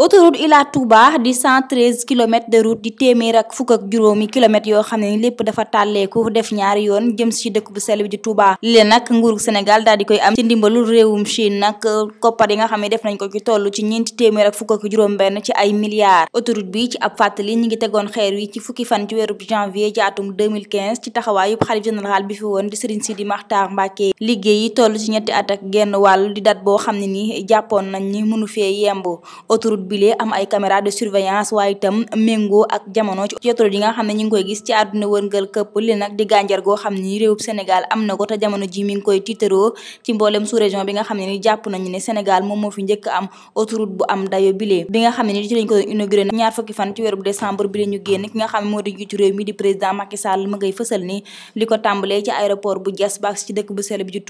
autoroute Ila Touba di 113 kilomètres de route di téeméer ak fukk ak juróomi kilomètres yoo xam ne ni lépp dafa tàlleeku def ñaari yoon jëm si dëkk bu sell bi di Touba lile nag nguuru Sénégal daal di koy am ci ndimbalul réewum Chine nag koppar yi nga xam ne def nañ ko ci toll ci ñeenti téeméer ak fukk ak juróom benn ci ay milliards autoroute bi ci ab fàttali ñi ngi tegoon xeer wi ci fukki fan ci weeru janvier ci atum 2015 ci taxawaayu xalif général bi fi woon di Serigne Sidi Makhtar Mbacké liggéey yi toll ci ñetti at ak genn wàll di dat boo xam ne ni jàppoon nañ ni mënu fee yemb bile am ay caméra de surveillance waaye itam méngoo ak jamono ci autoroute yi nga xam ne ñu koy gis ci àdduna wërngal këpp li nag di gànjar goo xam ni réewub Sénégal am na ko te jamono ji mi ngi koy tiitaroo ci mboolem sous région bi nga xam ne ni jàpp nañu ne Sénégal moom moo fi njëkk am autoroute bu am dayo bile bi nga xam ne ni ci lañ ko ñaar fukki fan ci weerub décembre bi la ñu génn ki nga xam ne moo di jiitu réew di président Macky ba ci dëkk bu sell bi bi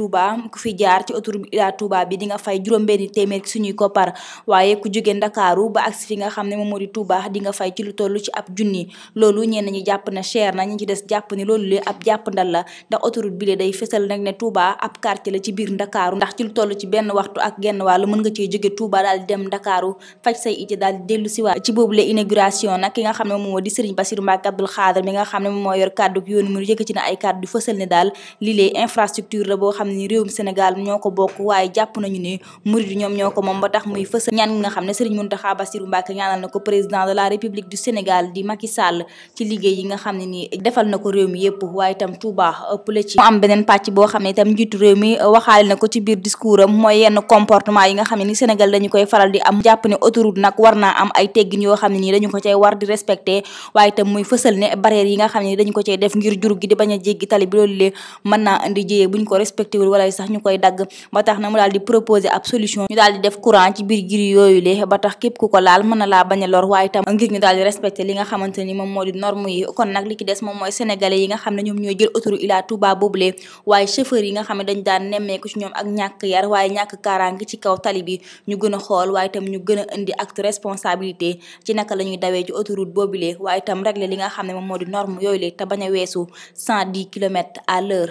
Ila Touba bi di nga fay juróom-benni téeméer ci ndakaaru ba agsi fi nga xam ne moom moo di Touba di nga fay ci lu toll ci ab junni loolu ñenn ñi jàpp na na ñi ci cee jóge Touba daal dem ndakaaru faj say ite daal di dellu siwaat ci boobule inauguration nag ki nga xam ne moom moo di Serigne Bassirou Mbacké Abdoul Khadre mi nga xam ne moom la boo xam ne réewum Sénégal ñoo ko bokk ko moom ba tax muy fësal ñaan nga xam ne Serigne Mountakha Bassirou Mbacké ñaanal yi nga xam ne nii defal na ko réew mi yëpp boo xam ne itam njiitu réew mi waxaale na ko ci biir discours am mooy yenn comportement yi nga xam ne ni Sénégal dañu koy faral di am jàpp ne autoroute nag war na am ay teggin yoo xam ne nii dañu ko cay war di respecté waaye itam muy fësal ne barrière yi nga xam ne ni dañu ko cay def ngir jur gi di bañ a jéggi tali bi loolu naa indi jiyee buñ ko respecté wul wala sax ñu koy dagg ba tax na mu daal di proposé ab solution ñu daal di def courant ci biir giri yooyu lee ba tax képp ku ko laal mën a laa bañ a lor waaye tam ngir ñu daal di respecté li nga xamante moom moo di norme yi kon nag li ci des moom mooy sénégalais yi nga xam ne ñoom ñooy jël autoroute Ila Touba boobule waaye chauffeur yi nga xam ne dañ daan nemmeeku ci ñoom ak ñàkk yar waaye ñàkk kaaraange ci kaw tali ñu gën xool waaye tam ñu gën a indi acte responsabilité ci naka la dawee ci autoroute boobule waaye tam régler li nga xam ne moom moo